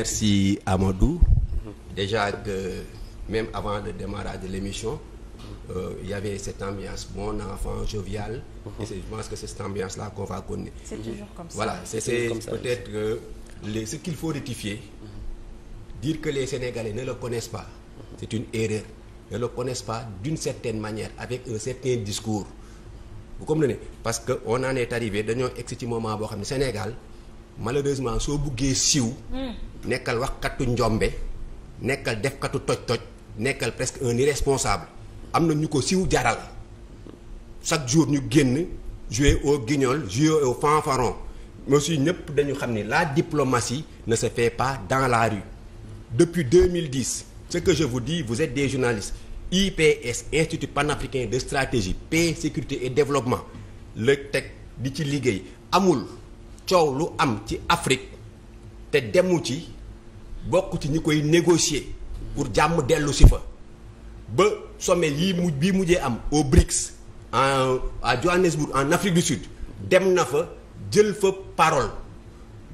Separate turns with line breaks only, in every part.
Merci Amadou. Déjà que même avant le démarrage de l'émission, euh, il euh, y avait cette ambiance bon enfant, joviale. Et je pense que c'est cette ambiance-là qu'on va connaître. C'est toujours comme ça. Voilà, c'est peut-être euh, ce qu'il faut rectifier. Dire que les Sénégalais ne le connaissent pas, c'est une erreur. Ils ne le connaissent pas d'une certaine manière, avec un certain discours. Vous comprenez Parce qu'on en est arrivé, nous avons moment au Sénégal, malheureusement, si vous hmm. nekkal waxkatu njombe nekkal defkatu toj-toj nekkal presque un irresponsable am na ñu ko siw jaral chaque jour ñu génn jouer au guignol jouer au fanfaron monsieur ñëpp dañu xam ne la diplomatie ne se fait pas dans la rue depuis 2010 ce que je vous dis vous êtes des journalistes IPS Institut panafricain de stratégie paix sécurité et développement le teg di ci liggéey amul coow lu am ci Afrique te demu ci bokk ci ñi koy négocier pour jàmm dellu si fa ba sommet yii mu bi mujjee am au BRICS en à Johannesburg en Afrique du Sud dem na fa jël fa parole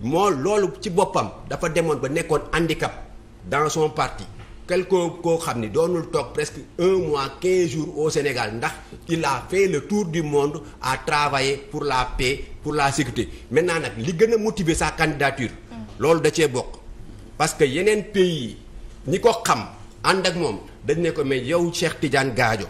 moo loolu ci boppam dafa demoon ba nekkoon handicap dans son parti quelque koo xam ni doonul toog presque un mois quinze jours au Sénégal ndax il a fait le tour du monde à travailler pour la paix pour la sécurité maintenant nag li gën a motiver sa candidature loolu da cee bokk parce que yeneen yi ñi ko xam ànd ak moom dañ ne ko mais yow Cheikh Tidiane Gadio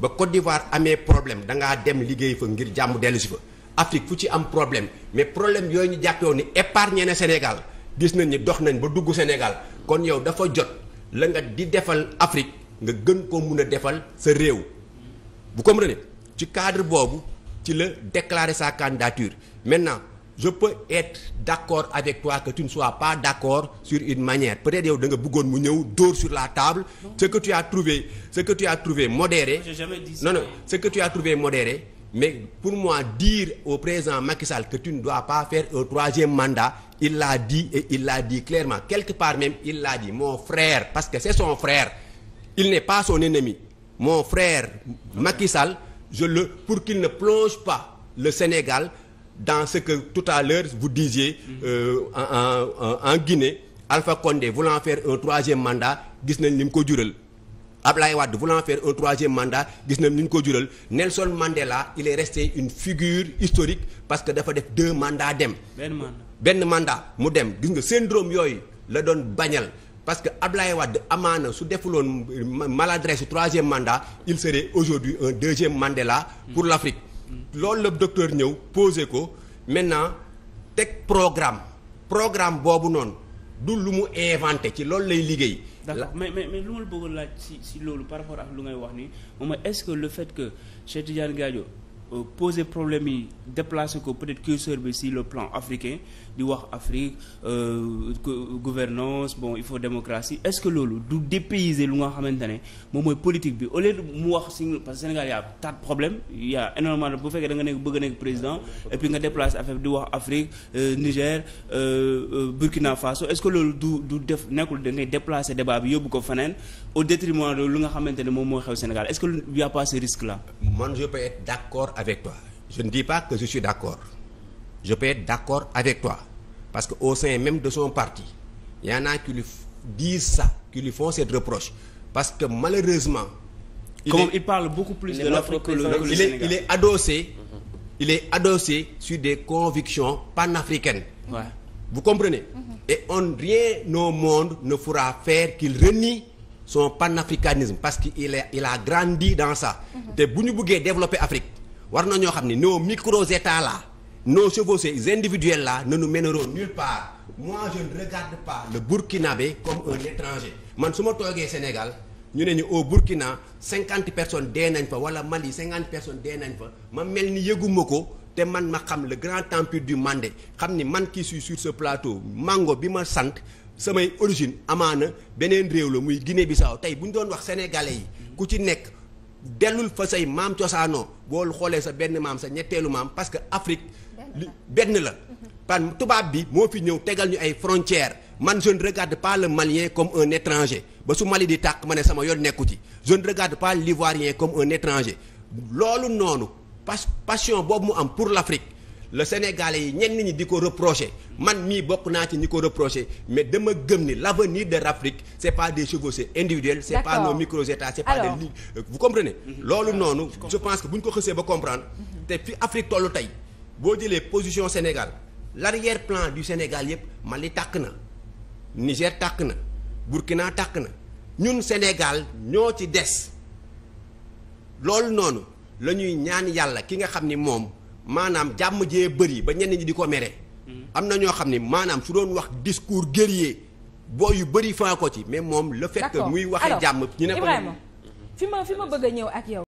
ba Côte d'Ivoire amee problème da ngaa dem liggéey fa ngir jàmm dellu si fa Afrique fu ci am problème mais problème yooyu ñu jàppewoon ni épargne na Sénégal gis nañ ni dox nañ ba dugg Sénégal kon yow dafa jot la nga di defal Afrique nga gën koo mun a defal sa réew. vous comprenez ci cadre boobu ci la déclarer sa candidature maintenant. je peux être d'accord avec toi que tu ne sois pas d'accord sur une manière peut-être yow da nga bëggoon mu ñëw dóor sur la table ce que tu as trouvé ce que tu as trouvé modéré non non ce que tu as trouvé modéré mais pour moi dire au président Macky Sall que tu ne dois pas faire un troisième mandat il l'a dit et il l'a dit clairement quelque part même il l'a dit mon frère parce que c'est son frère il n'est pas son ennemi mon frère Macky Sall je le pour qu'il pas le Sénégal dans ce que tout à l'heure vous disiez mm-hmm. euh, en, en, en Guinée Alpha Condé voulant faire un troisième mandat gis nañ ni mu ko jural Ablaye Wade voulant faire un troisième mandat gis nañ ni ñu ko jural Nelson Mandela il est resté une figure historique parce que dafa def deux mandats dem. benn mandat benn mandat mu dem gis nga syndrome yooyu la doon bañal parce que Ablaye wadd amaana su defuloon maladresse su troisième mandat il serait aujourd'hui un deuxième Mandela pour mm-hmm. l'Afrique. loolu la docteur ñëw posé ko maintenant teg programme programme boobu noonu du lu mu inventé ci loolu lay liggéey. d'accord mais mais mais lu ma la laaj si si loolu par rapport ak lu ngay wax ni moom est-ce que le fait que Cheikh Tidiane gaajo Euh, poser problème yi déplacer ko peut-être curseur bi si le plan africain di wax Afrique euh, gouvernance bon il faut démocratie est-ce que loolu du dépayser lu nga xamante ne moom mooy politique bi au lieu de mu wax si parce que a tas de problèmes bu fekkee da nekk bëgg a président nga déplacer affaire di wax Afrique euh, Niger Burkina Faso est-ce que loolu du du def nekkul da ngay déplacer débat bi ko feneen au détriment lu nga xamante ne moom moo xew Sénégal est-ce que y a risque là. avec toi je ne dis pas que je suis d'accord je peux d'accord avec toi parce que au sein même de son parti y en qui lui disent ça qui lui font cette reproche parce que malheureusement il, est, il parle beaucoup plus de l'Afrique que le, adossé il est adossé sur des convictions panafricaines ouais. vous comprenez mm -hmm. et on rien au monde ne fera faire qu'il renie son panafricanisme parce qu'il il a grandi dans ça mhm. te bu ñu bëggee développer Afrique war na ñoo xam ni nos micros états là nos chevauchées individuelles là ne nous mèneront nulle part moi je ne regarde pas le burkinabé comme un étranger man su ma toogee Sénégal ñu ne ñu au Burkina cinquante personnes dee nañ fa wala Mali cinquante personnes dee nañ fa ma mel ni yëguma ko te man ma xam le grand empire du Mandé xam ni man kii suis sur sa plateau mango bi ma sant samay origine amaana beneen réew la muy Guinée Bissau tey bu ñu doon wax sénégalais yi ku ci nekk dellul fa say maam cosaanoo boo xoolee sa benn maam sa ñetteelu maam parce que Afrique benn la mhm. par tubaab bi moo fi ñëw tegal ñu ay frontières man je ne par pas le malien comme un étranger ba su Mali di tàq ma ne sama yoon nekku ci je ne regarde pas l'ivoirien comme un étranger loolu noonu pas passion boobu mu am pour l'Afrique le Sénégalais yi ñenn ñi di ko reprocher man mii bokk naa ci ñi ko reprocher mais dama gëm ni l' avenir de l' Afrique c' pas des chevauchées individuelles. c' est pas nos micro états c' pas des ligues vous comprenez. loolu noonu je pense que bu ñu ko xësee ba comprendre. te fi Afrique tollu tey boo jëlee position Sénégal l' plan du Sénégal yëpp Mali tàkk na Niger tàkk na Burkina tàkk na ñun Sénégal ñoo ci des loolu noonu la ñuy ñaan yàlla ki nga xam ni moom. maanaam jàmm jee bëri ba ñenn ñi di ko mere. Mm-hmm. am na ñoo xam ne maanaam su doon wax discours guerrier boo yu bëri faa ko ci mais moom le fait que muy waxee jàmm ñu ne ko fi ma fi ma bëgg ñëw ak yow